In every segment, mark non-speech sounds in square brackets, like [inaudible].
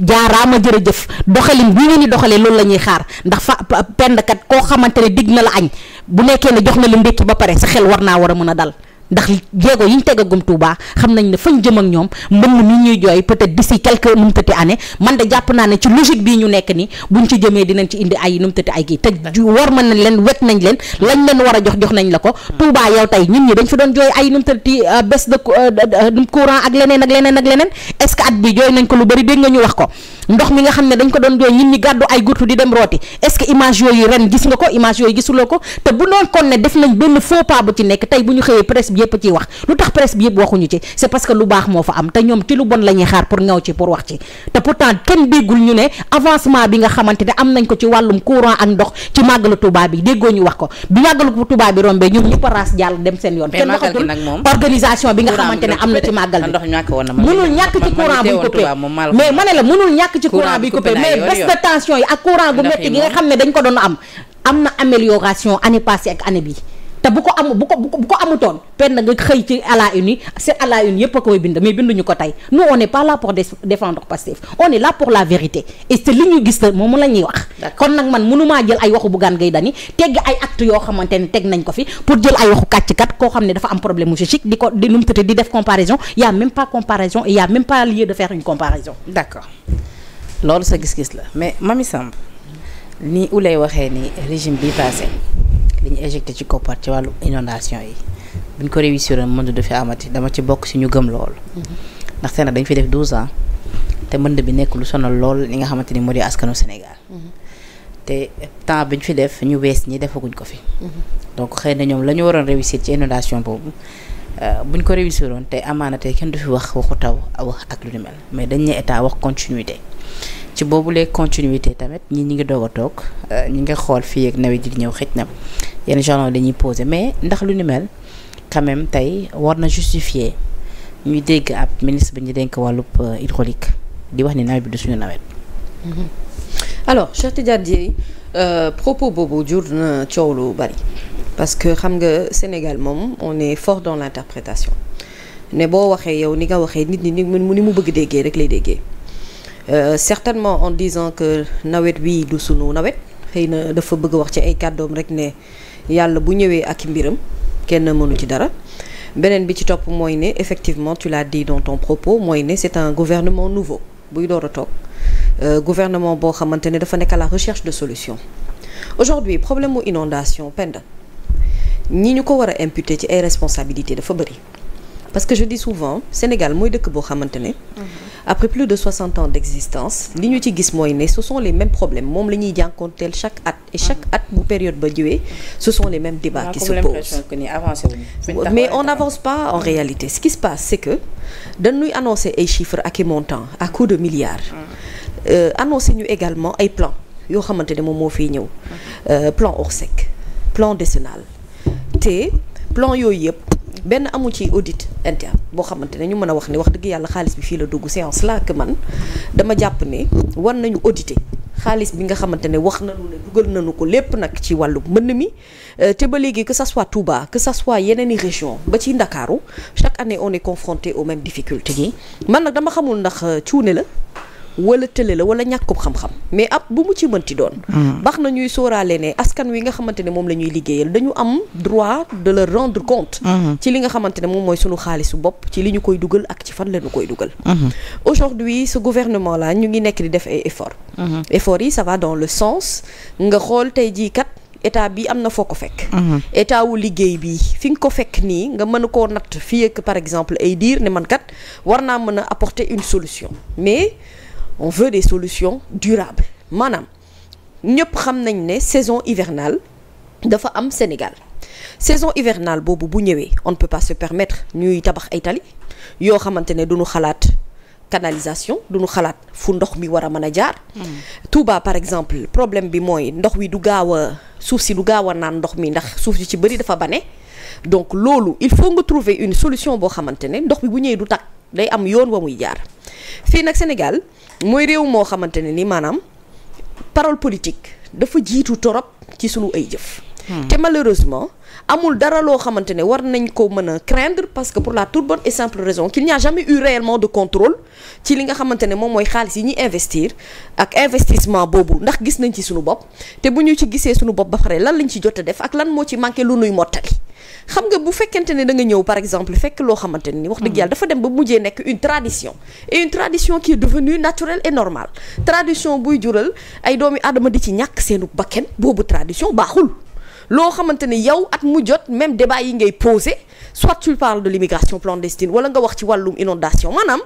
jaaraama jërëjëf doxalin bi ngeen di doxalee loolu la ñuy xaar ndax fa pendkat koo xamante ne digg na la añ bu nekkee ne jox na la ndékki ba pare sa xel war naa war a mën a dal ndax jéego yi ñu tegagum Touba xam nañ ne fañ jëm ak ñoom mbënn mi ñuy jooy peut-être d'ici quelques nu mu tëddee année man de jàpp naa ne ci logique bii ñu nekk ni buñ ci jëmee dinañ ci indi ay nu mu nañ leen wet nañ a jox jox nañ ko hmm. Touba yow tey ñun ñi euh, euh, de courant ak leneen ak leneen ak at bi jooy nañ ko lu bëri dégg nga ñu wax ko ndox mi nga xam ne dañ ko doon jooy ñun ñi gàddu ay gurtu di dem rooti est image yooyu ren gis nga ko image yooyu gisuloo ko te bu doon kon ne def nañ benn faux pas bu ñëpp ciy wax lu tax presse bi yëpp waxuñu ci c'est parce que lu baax moo fa am te ñoom ci lu bon la xaar pour ñaw ci pour wax ci te pourtant kenn déggul ñu ne avancement bi nga xamante ne am nañ ko ci wàllum courant ak bi déggoo ñu wax ko bi màggalu Touba bi rombee ñoom ñëpp a raas jàll dem seen yoon na ci màggal bi mënul ñàkk ci courant bi coupé mais ma ne la mënul ñàkk ci courant bi coupé mais baisse de tension yi ak courant gu métti gi nga xam ne dañ ko doon am am na amélioration année passée ak année bi te bu ko amu bu ko bu ko amutoon pen na nga xëy ci à la une c'est à la a koy bind mais binduñu ko tey nous on n'est pas là pour défendre Pastef on est là pour la vérité et li ñu gis moom la ñuy wax kon nag man mënumaa jël ay waxu Bougane Gueye Dany tegg ay acte yoo xamante ne teg nañ ko fi pour jël ay waxu kàcckat koo xam ne dafa am problème mu chic di ko di nu mu tuddee di def comparaison y a même pas comparaison et y pas lieu de faire une comparaison d'accord loolu sa gis-gis la mais Mamy Samb ni ulay waxee ni régime bi passé li ñu ci koppar ci wàllu inondation yi buñ ko réussir mën du fi amati dama ci bokk si ñu gëm loolu mm-hmm. ndaxte nag dañ fi def 12 ans te mënd bi nekk lu sonal lool li nga xamante ni moo di askanu Sénégal mm-hmm. te temps bi ñu fi def ñu wees ñi defaguñ ko fi mm-hmm. donc xëy na ñoom la ñu waroon réussir ci inondation boobu euh, buñ ko réussir woon te amaana tey kenn du fi wax waxu taw wax ak lu ni mel mais dañ ne état wax continuité ci boobu boobulee continuité tamit ñi ñi ngi doog a toog euh, ñi nga xool fii ak nawet ji di ñëw xëj na yenn jalons dañuy posé mais ndax lu ni mel quand même tey war na justifier ñuy dégg ab ministre bi ñu denk wàllub euh, hydraulique di wax ni nawet bi du suñu nawet. Mm-hmm. alors Cheikh Tidiane Dièye euh, propos boobu jur na coow lu bari parce que xam nga Sénégal moom on est fort dans l'interprétation ne boo waxee yow ni nga waxee nit ñi ni mu bëgg déggee rek lay déggee. Euh, certainement en disant que nawet bii du sunu nawet xëy na dafa bëgg wax ci ay kàddoom rek ne yàlla bu ñëwee ak mbiram kenn mënu ci dara beneen bi ci topp mooy ne effectivement tu l'as dit dans ton propos mooy ne c'est un gouvernement nouveau buy door a toog euh, gouvernement boo xamante ne dafa nekk à la recherche de solution aujourd'hui problème mu inondation pend ñi ñu ko war a imputer ci ay responsabilité dafa bëri parce que je dis souvent Sénégal mooy dëkk boo xamante ne. Mhm. après plus de 60 ans d' existence li ñu ci gis mooy ne ce sont les mêmes problèmes moom la ñuy jànkoonteel chaque at. et chaque mhm. at bu période ba jiwee ce sont les mêmes débats qui se posent mais on n'avance pas en réalité ce qui se passe c' est que dañuy annoncer ay chiffres ak i montants à coup de milliards. Mhm. Euh, annoncer ñu également ay plans yoo xamante ne moom moo fiy ñëw euh, plan Orsec plan décennal te plan yooyu yëpp. benn amul ci audit interne boo xamante ne ñu mën a wax ni wax dëgg yàlla xaalis bi fii la dugg séance la que man dama jàpp ne war nañu auditer xaalis bi nga xamante ne wax nañu ne dugal nañu ko lépp nag ci wàllu mbënn mi euh, te ba léegi que ça soit Touba que ça soit yeneen i région ba ci Ndakaaru chaque année on est confronté aux mêmes difficultés yi man nag dama xamul ndax euh, cuune la wala tële la wala ñàkkub xam-xam mais ab bu mu ci mënti doon hmm. baax na ñuy sóoraale ne askan wi nga xamante ne moom la ñuy liggéeyal dañu am droit de leur rendre compte hmm. ci li nga xamante ne moom mooy sunu xaalisu bopp ci li ñu koy dugal ak ci fan la ñu koy dugal hmm. aujourd'hui sa gouvernement là ñu ngi nekk di def ay efforts efforts yi ça va dans le sens nga xool tey jii kat état bi am na foo ko fekk état wu liggéey bi fi nga ko fekk nii nga mën koo natt fii par exemple ay diir ne man kat war naa mën a apporter une solution mais on veut des solution durable maanaam ñëpp xam nañ ne saison hivernale dafa am Sénégal saison hivernal boobu bu ñëwee on ne peut pas se permettre ñuy tabax ay tali yoo xamante ne duñu xalaat canalisation duñu xalaat fu ndox mi war a mën a jaar. Hmm. Touba par exemple problème bi mooy ndox wi du gaaw a suuf si du gaaw a naan ndox mi ndax suuf si ci bëri dafa bane. donc loolu il faut nga trouver une solution boo xamante ne ndox bi bu ñëwee du tag day am yoon wa muy jaar fii nag Sénégal. mooy réew moo xamante ne ni maanaam parole politique dafa jiitu torop ci sunu ay jëf. Hmm. te malheureusement amul dara loo xamante ne war nañ ko mën a craindre parce que pour la toute bonne et simple raison qu'il n'y a jamais eu réellement de contrôle ci li nga xamante ne moom mooy xaalis yi ñuy investir ak investissement boobu ndax gis nañ ci sunu bopp te bu ñu ci gisee sunu bopp ba pare lan lañ ci jot a def ak lan moo ci manqué lu nuy mottali. xam nga bu fekkente ne da nga ñëw par exemple fekk loo xamante ne ni wax dëgg mm-hmm. yàlla dafa dem ba mujjee nekk une tradition et une tradition qui est devenue naturelle et normale tradition buy jural ay doomi aadama di ci ñàkk seenu bakken boobu tradition baaxul loo xamante ni yow at mu jot même débat yi ngay posé soit tu parles de l'immigration clandestine wala nga wax ci wàllum inondation maanaam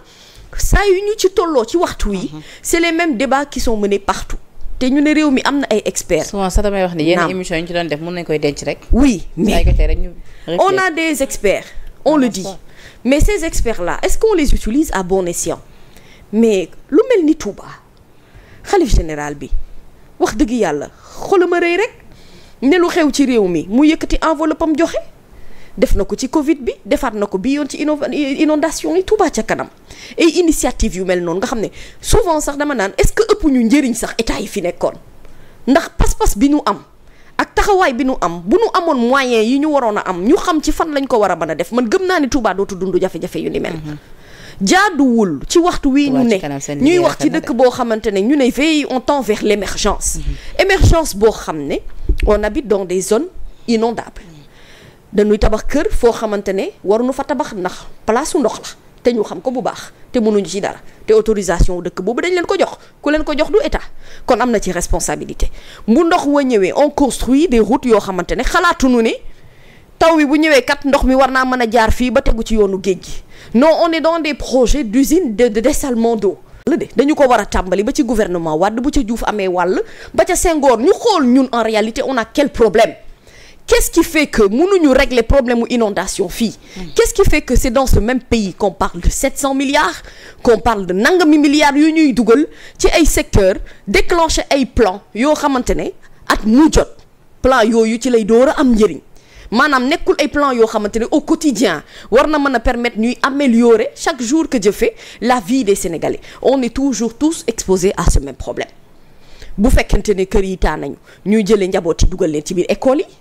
saa yu ñu ci tolloo ci waxtu yi mm-hmm. c'est les mêmes débats qui sont menés partout te ñu ne réew mi am na ay experts. souvent sax damay wax ni yenn émission yi ñu ci doon def mën nañu koy denc rek. oui mais on a des experts on le ah, dit mais ces experts la est-ce qu'on les utilise à bon escient mais lu mel ni Touba xalif général bi wax dëgg yàlla xolama rëy rek ne xew ci réew mi mu yëkkati enveloppe am joxe. def na ko ci Covid bi defaat na ko bi yoon ci inondation yi Touba ca kanam ay initiative yu mel noonu nga xam ne souvent sax dama naan est-ce que ëpp ñu njëriñ sax état yi fi nekkoon ndax pas-pas bi ñu am ak taxawaay bi nu am bu ñu amoon moyen yi ñu waroon a am ñu xam ci fan lañ ko war a mën a def man gëm naa ni Touba dootu dund jafe-jafe yu ni mel. Mhm. jaaduwul ci waxtu wi ñu ne ñuy wax ci dëkk boo xamante ne ñu ne veille on tend vers l'émergence mhm. émergence boo xam ne on habite dans des zones inondables dañuy tabax kër foo xamante ne waruñu fa tabax ndax place su ndox la te ñu xam ko bu baax te mënuñu ci dara te autorisation dëkk boobu dañu leen ko jox ku leen ko jox du état kon am na ci responsabilité bu ndox wa ñëwee on construit de route yoo xamante ne xalaatuñu ne taw bi bu ñëwee kat ndox mi war naa mën a jaar fii ba tegu ci yoonu géej gi non on est dans des projets d'usine de de do d'eau dañu ko war a tàmbali ba ci gouvernement Wade bu ca Diouf amee wàll ba ca Senghor ñu xool ñun en réalité on a quel problème qu'est-ce qui fait que mënuñu régler problème mu inondation fii mm. qu'est-ce qui fait que c'est dans ce même pays qu'on parle de 700 milliards qu'on parle de nangami milliards yu ñuy dugal ci ay secteurs déclencher ay plans yoo xamante ne at mu jot plan yooyu ci lay door a am njëriñ maanaam nekkul ay plan yoo xamante ne au quotidien war na mën a permettre ñuy améliorer chaque jour que je la vie des Sénégalais on est toujours tous exposés à ce même problème bu fekkente ne kër yi taa nañu ñuy jëlee njaboot yi dugal leen ci biir école yi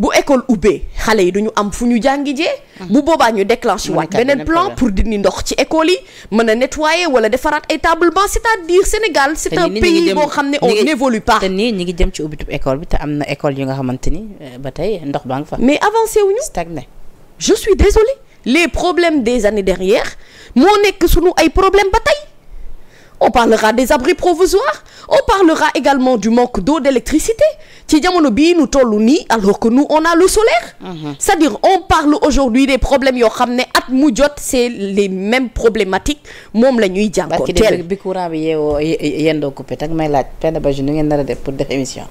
bu école ubbee xale yi du ñu am fu ñu jàngi jee mm-hmm. bu boobaa ñu déclenché waat beneen plan pour dindi ndox ci école yi mën a nettoyer wala defaraat ay tablement banc c'est-à-dire Sénégal c'est un pays boo xam ne on n'évolue pas te nii ñu ngi jëm ci ubbitub école bi te am na école yu nga xamante ni euh, ba tey ndox baa nga fa mais avancé wuñu stagné je suis désolée les problème des années derrière moo nekk sunu ay problèmes ba tey on parlera des abris provisoires on parlera également du manque d'eau d'électricité ci jamono bii nu toll nii alors que nous on a le solaire mmh. c'est-à-dire on parle aujourd'hui des problèmes yoo xam ne at mu jot c'est les mêmes problématiques moom la ñuy jànkoonteel bi courant bi yeewoo yendoo coupé tak may laaj benn ba ju nu ngeen nar a def pour def émission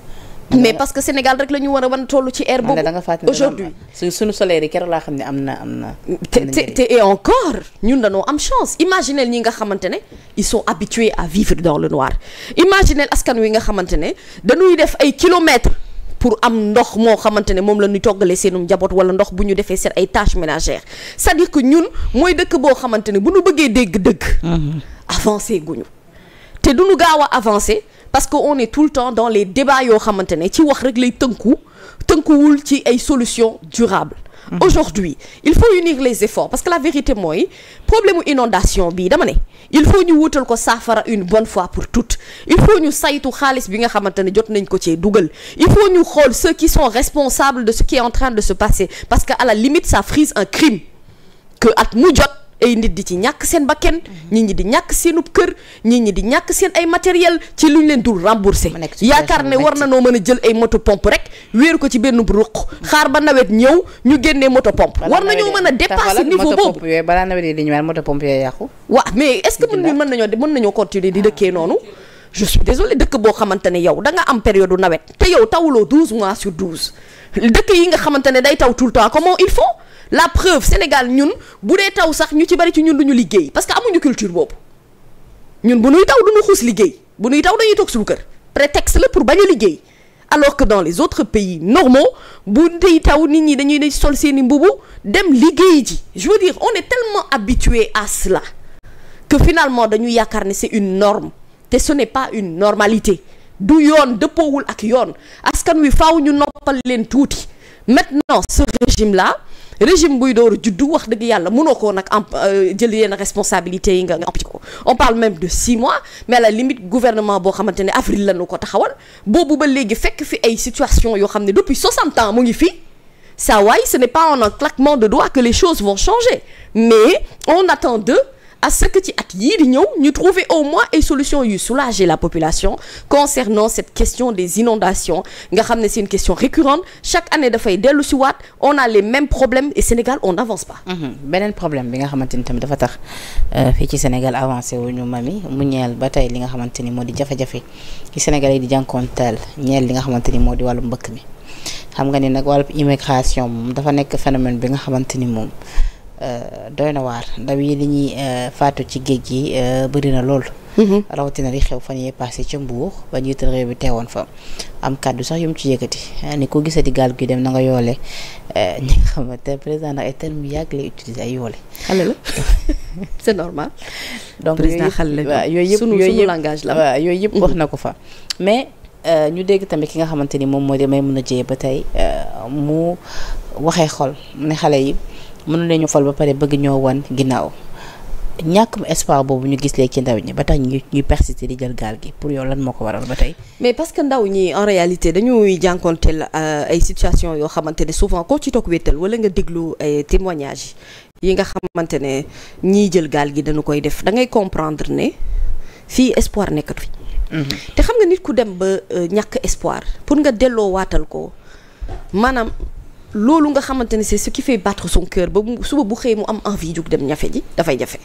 mais parce que Sénégal rek la ñu war a wan toll ci air boobu aujourd'hui suñu suñu solaire yi keroog laa xam ne am na am na te te et encore ñun dañoo am chance imaginel ñi nga xamante ne ils sont habitués à vivre dans le noir imaginel askan wi nga xamante ne dañuy def ay kilomètre pour am ndox moo xamante ne moom la ñu toggalee seenu njaboot wala ndox bu ñu defee seen ay tâches ménagères cest dire que ñun mooy dëkk boo xamante ne bu ñu bëggee dégg dëkk mm-hmm. avancé guñu te parce que on est tout le temps dans les débats yoo xamante ne ci wax rek lay tënku tënkuwul ci ay solutions durables Mmh. aujourd'hui il faut unir les efforts parce que la vérité mooy problème inondation bi dama ne il faut ñu wutal ko saafara une bonne fois pour toutes il faut ñu saytu xaalis bi nga xamante ne jot nañ ko cee dugal il faut ñu xool ceux qui sont responsables de ce qui est en train de se passer parce que à la limite ça frise un crime que jot ay nit di ci ñàkk seen ba nit ñi di ñàkk seenub kër nit ñi di ñàkk seen ay matériel ci lu ñu leen dul remboursé yaakaar ne war na noo mën a jël ay moto pomp rek wéeru ko ci benn ruq xaar ba nawet ñëw ñu génnee moto pompe war nañoo mën a dépasser niveau boobu balaa nawet yi di ñëwaat moto pompe yooyu yàqu waaw mais est-ce que mën ñu mën nañoo continuer di dëkkee noonu je suis désolé dëkk boo xamante ne yow da am période nawet te yow tawuloo 12 mois sur yi nga xamante ne day taw tout le temps comment la preuve Sénégal ñun bu dee taw sax ñu ci bari ci ñun duñu liggéey parce que amuñu culture boobu ñun bu nuy taw duñu xuus liggéey bu nuy taw dañuy toog suñu kër prétexte la pour bañ a liggéey alors que dans les autres pays normaux bu dee taw nit ñi dañuy day sol seeni mbubu dem liggéey ci je veux dire on est tellement habitué à cela que finalement dañu yaakaar ne c'est une norme te ce n'est pas une normalité du yoon dëppoowul ak yoon askan wi faaw ñu noppal leen tuuti maintenant ce régime régime buy door a juddu wax dëgg yàlla mënoo ko nag am euh, jël yenn responsabilité yi nga nga ampi ko on parle même de six mois mais à la limite gouvernement boo xamante ne avril la ñu ko taxawal boobu ba léegi fekk fi ay situation yoo xam ne depuis 60 ans mu ngi fi sa waay ce n'est pas en un de doigts que les choses vont changer mais on attend d'eux à ce que ci at yii di ñëw ñu trouver au moins ay solutions yu soulager la population concernant cette question des inondations nga xam ne c'est une question récurrente chaque année dafay dellu si on a les mêmes problèmes et Sénégal on n'avance pas. Mhm. beneen problème bi nga xamante ni tamit dafa tax euh, fii ci Sénégal avancé wu ñu mami mu ñeel ba tey li nga xamante ni moo di jafe-jafe ci Sénégal yi di jànkoonteel ñeel li nga xamante ni moo di wàllu mbëkk mi xam nga ni nag wàllu immigration moom dafa nekk phénomène bi nga xamante ni moom. Euh, doy na waar ndaw yi li ñuy euh, faatu ci géej gi euh, bëri na lool. Mhm. rawatina li xew fan yee passé ca Mbour ba njiital réew bi teewoon fa am kàddu sax yu mu ci yëkkati ah, ni ko gisati gaal gi dem na nga yoole ñi nga xamante ne président nag ay termes yàgg lay utiliser ay yoole. xale la [laughs] c'est normal. donc président xale la yooyu yëpp sunu sunu langage la yooyu yëpp wax mhm. na ko fa mais. ñu dégg tamit ki nga xamante ni moom moo di may mën a jëyee ba tey mu waxee xol ne xale yi. mënu leen ñu fal ba pare bëgg ñoo wan ginnaaw ñàkkum espoir boobu ñu gis léegi ci ndaw ñi ba tax ñu ñuy persister di jël gaal gi pour yow lan moo ko waral ba tey. mais parce que ndaw ñi en réalité dañuy jànkonteel euh, ay situation yoo xamante ne souvent koo ci toog wéetal wala nga déglu ay témoignages yi nga xamante ne ñiy jël gaal gi dañu koy def da ngay comprendre ne fii espoir nekkatu fi. Mhm. te xam nga nit ku dem ba euh, ñàkk espoir pour nga delloo waatal ko maanaam. loolu nga xamante ne c'est ce qui fait battre son cœur ba suba bu xëy mu am envie jug dem ñafe ji dafay jafe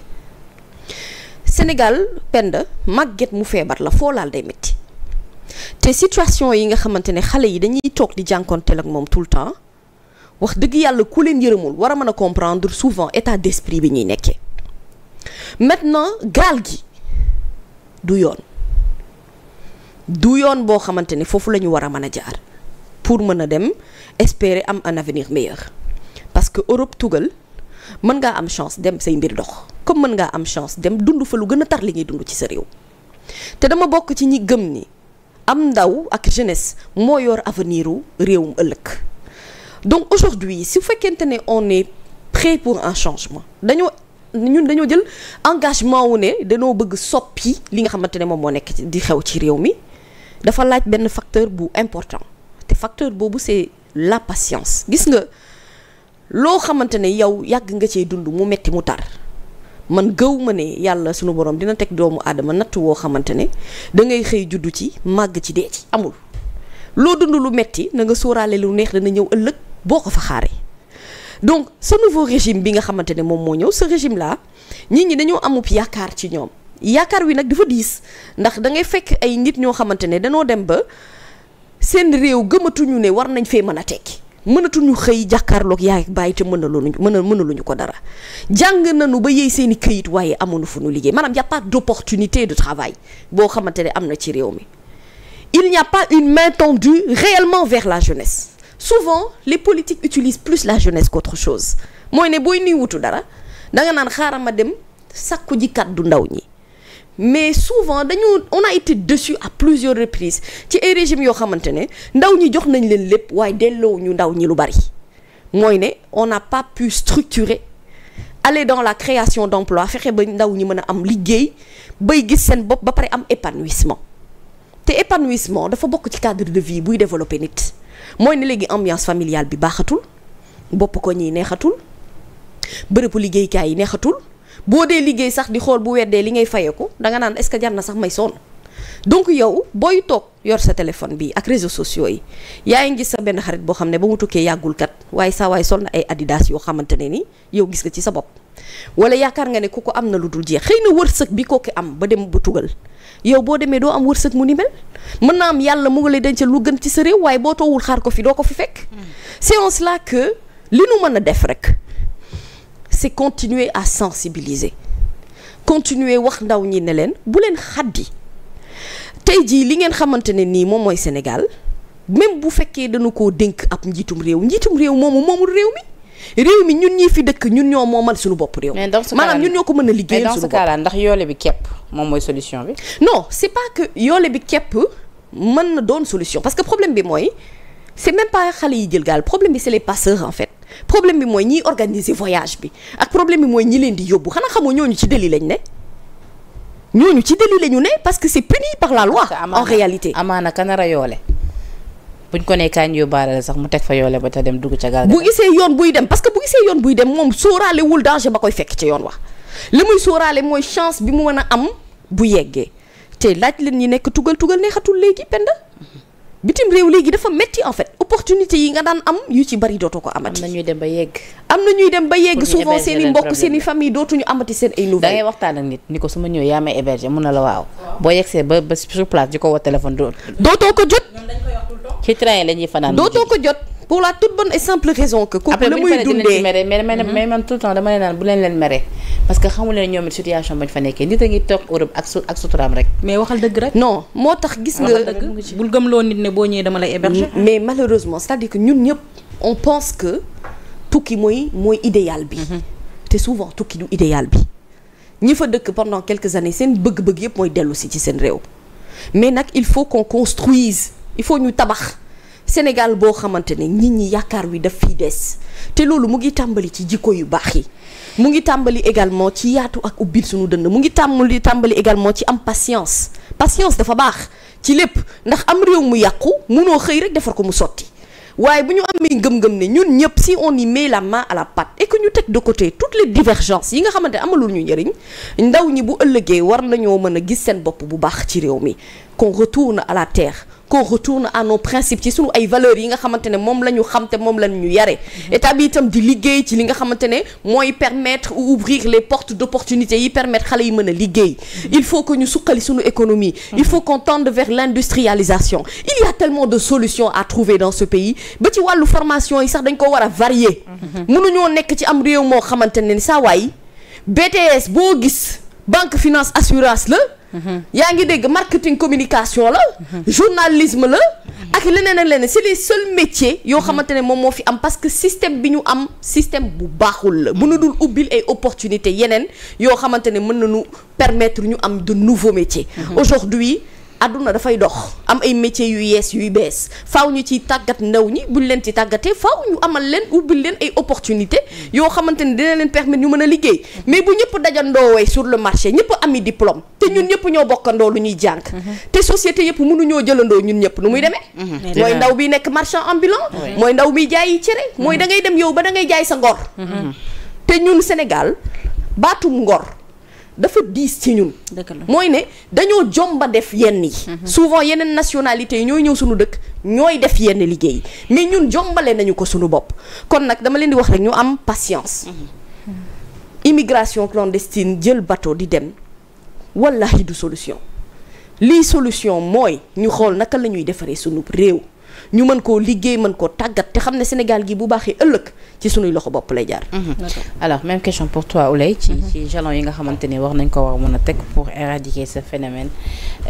Sénégal pend màgget mu feebar la foo laal day métti te situation yi nga xamante ne xale yi dañuy toog di jànkonteel ak moom tout le temps wax dëgg yàlla ku leen yërëmul war a mën a comprendre souvent état d'esprit bi ñuy nekkee maintenant gaal gi du yoon du yoon boo xamante ne foofu la ñu war a mën a jaar. pour mën a dem espérer am un avenir meilleur parce que Europe tugal mën ngaa am chance dem say mbir dox comme mën ngaa am chance dem dundu fa lu gën a tar li ngay dund ci sa réew te dama bokk ci ñi gëm ni am ndaw ak jeunesse moo yor avenir u réewum ëllëg donc aujourd'hui su fekkente ne on est prêt pour un changement dañoo ñun dañoo jël engagement wu ne dañoo bëgg soppi li nga xamante ne moom moo nekk di xew ci réew mi dafa laaj benn facteur bu important facteur boobu c'est la patience gis nga loo xamante ne yow yàgg nga cee dund mu metti mu tar man gëw ma ne yàlla sunu borom dina teg doomu aadama natt woo xamante ne da xëy juddu ci màgg ci dee ci amul loo dund lu metti na nga sóoraale lu neex dana ñëw ëllëg boo ko fa xaaree donc ce nouveau régime bi nga xamante ne moom moo ñëw sa régime là nit ñi dañoo amub yaakaar ci ñoom yaakaar wi nag dafa diis ndax da ngay fekk ay nit ñoo xamante ne danoo dem ba seen réew gëmatuñu ne war nañ fee mën a tekki mënatuñu xëy jàkkaarlook yaay ak bàyyi te mënaluñu mëna mënaluñu ko dara jàng nañu ba yey seen i këyit waaye amuñu fu ñu liggéey maanaam y a pas d'opportunité de travail boo xamante ne am na ci réew mi il n'y a pas une main tendue réellement vers la jeunesse souvent les politiques utilise plus la jeunesse qu'autre chose mooy ne booy nuy dara danga naan xaaral ma dem sakku ji kàddu ndaw ñi mais souvent dañu on a été déçu à plusieurs reprises ci ay régime yoo xamante ne ndaw ñi jox nañ leen lépp waaye delloo ñu ndaw ñi lu bari mooy ne on n'a pas pu structurer aller dans la création d'emploi fexe ba ndaw ñi mën a am liggéey bay gis seen bopp ba pare am épanouissement te épanouissement dafa bokk ci cadre de vie buy développer nit mooy ne léegi ambiance familiale bi baaxatul bopp ko ñi neexatul bërëbu liggéeykaay yi neexatul boo dee liggéey sax di xool bu weddee li ngay fayeku danga naan est-ce que jar na sax may sonn donc yow booy toog yor sa téléphone bi ak réseaux sociaux yi yaa ngi gis sa benn xarit boo xam ne ba mu tukkee yàggul kat waaye saa waay sol na ay adidas yoo xamante ne ni yow gis nga ci sa bopp wala yaakaar nga ne ku ko am na lu dul jeex xëy na wërsëg bi kooku am ba dem ba tugal yow boo demee doo am wërsëg mu ni mel mën naa am yàlla mu nga lay dencal lu gën ci sa réew waaye boo toowul xaar ko doo ko fi fekk mm. c'est en cela li nu mën a def rek c'est continuer à sensibiliser continuer wax ndaw ñi ne leen bu leen xaddi tey jii li ngeen xamante ne nii moom mooy Sénégal même bu fekkee dañu koo dénk ab njiitum réew njiitum réew moom moomul réew mi réew mi ñun ñii fi dëkk ñun ñoo moomal suñu bopp réew. maanaam ñun ñoo ko mën a liggéeyal suñu bopp mais dans ndax yoole bi képp moom mooy solution bi. non c'est pas que yoole bi képp mën na doon solution parce que problème bi mooy c'est même pas xale yi jël gaal problème bi c'est les passeurs en fait. problème bi mooy ñiy organiser voyage bi ak problème bi mooy ñi leen di yóbbu xanaa xamoo ñooñu ci délit lañu ne ñooñu ci délit lañu ne parce que c'est puni par la loi en réalité amaana kanara yoole buñ ko nee kañ yóbbaale la sax mu teg fa yoole ba te dem dugg ca gaal bu gisee yoon buy dem parce que bu gisee yoon buy dem moom sóoraale wul danger ba koy fekk ci yoon wax li muy sooraale mooy chance bi mu mën a am bu yeggee te laaj leen ñi nekk tugal tugal neexatul léegi penda bitim réew léegi dafa metti en fait opportunité yi nga daan am yu ci bari dootoo ko amati. am na ñuy dem ba yegg. am na ñuy dem ba yegg souvent seen i mbokk seen i famille dootuñu amati seen ay nouvelles. da ngay waxtaan ak nit ni ko su ma ñëwee yaa may héberger mun na la waaw. boo yegsee ba ba sur place di ko woo téléphone dootoo ko jot. ci train la ñuy fanaan dootoo ko jot. pour la toute bonne et simple raison que. kooku la muy dundee après mhm. mais man tout le temps dama leen naan bu leen leen mere parce que xamu ñoom it situation bañ fa nekkee nit a ngi toog Europe ak suturaam rek. mais waxal dëgg rek. non moo tax gis nga bul gëmloo nit ne boo ñëwee dama lay héberger. mais malheureusement c'est-à-dire que ñun ñëpp on pense que tukki mooy mooy idéal bi. Mhm. te souvent tukki du idéal bi. ñi fa dëkk pendant quelques années seen bëgg-bëgg yëpp mooy dellu si ci seen réew mais nag il faut qu'on construise il faut ñu tabax. Sénégal boo xamante ne nit ñi yaakaar wi daf fiy des te loolu mu ngi tàmbali ci jikko yu baax yi mu ngi tàmbali également ci yaatu ak ubbil suñu dënn mu ngi tàmbali tàmbali également ci am patience patience dafa baax ci lépp ndax am réew mu yàqu munoo xëy rek defar ko mu sotti waaye bu ñu amee ngëm-ngëm ne ñun ñëpp si on y mais la main à la pâte et que ñu teg de côté toutes les divergences yi nga xamante ne amalul ñu njëriñ ndaw ñi bu ëllëgee war nañoo mën a gis seen bopp bu baax ci réew mi qu'on retourne à la terre qu'on retourne à nos principes ci sunu ay valeurs yi nga xamante ne moom la xam te moom la yare mhm. état bi itam di liggéey ci li nga xamante ne mooy permettre ou ouvrir les portes d'opportunité yi permettre xale yi mën a liggéey mhm. il faut que ñu suqali sunu économie mhm. il faut qu'on tende vers l'industrialisation il y a tellement de solutions à trouver dans ce pays ba ci wàllu formation yi sax dañ ko war a varier mënuñoo nekk ci am réew moo xamante Mm-hmm. yaa ngi dégg marketing communication la. Mm-hmm. journalisme la. Mm-hmm. ak leneen ak leneen c'est les seuls métiers yoo xamante ne moom moo fi am parce que système bi ñu am système bu baaxul la mënu dul ubbil ay opportunités yeneen yoo xamante ne mën nañu permettre ñu am de nouveaux métiers. aujourd'hui àdduna dafay dox am ay métiers yu yees yuy bees faaw ñu ci tàggat ndaw ñi buñ leen ci tàggatee faaw ñu amal leen ubbil leen ay opportunité yoo xamante ni dina leen permettre ñu mën a liggéey mais bu ñëpp dajandoowee sur le marché ñëpp ami diplôme te ñun ñëpp ñoo bokkandoo lu ñuy jàng te société yëpp ñoo jëlandoo ñun ñëpp nu muy demee mm-hmm. mooy ndaw bi nekk marchand ambulant mooy ndaw bi jaayi cere mooy mm-hmm. da ngay dem yow ba da ngay jaay sa ngor mm-hmm. te ñun Sénégal baatum ngor dafa diis ci ñun. mooy ne dañoo jomba def yenn yi. Mhm. souvent yeneen nationalité yi ñooy ñëw suñu dëkk ñooy def yenn liggéey yi mais ñun jombale nañu ko suñu bopp kon nag dama leen di wax rek ñu am patience. Mhm. Mhm. immigration clandestine jël bateau di dem wallahi du solution lii solution mooy ñu xool naka la ñuy defaree sunu réew. ñu mën koo liggéey mën koo tàggat te xam ne Sénégal gi bu baaxee ëllëg ci sunuy loxo bopp lay jaar. Mhm. alors même question pour toi Oulaye ci mhm. ci jalon yi nga xamante ni war nañ ko war mën a teg pour éradiquer ce phénomène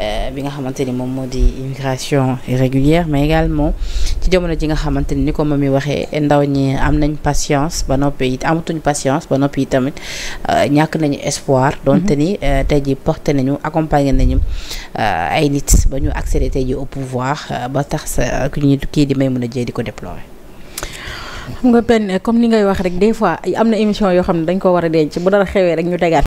euh, bi nga xamante ni moom moo di immigration irrégulière mais également ci jamono ji nga xamante ni ni ko Mamy waxee ndaw ñi am nañ patience ba noppi it amatuñ patience ba noppi tamit euh, ñàkk nañu espoir. Mhm. donte ni euh, tey ji porté nañu accompagné nañu ay nit ba ñu accéder tey ji au pouvoir ba tax sa ñi kii di Maimouna Dieng di ko déplorer. nga benn comme ni ngay wax rek des am na émission yoo xam ne dañ ko war a denc bu dara xewee rek ñu tegaat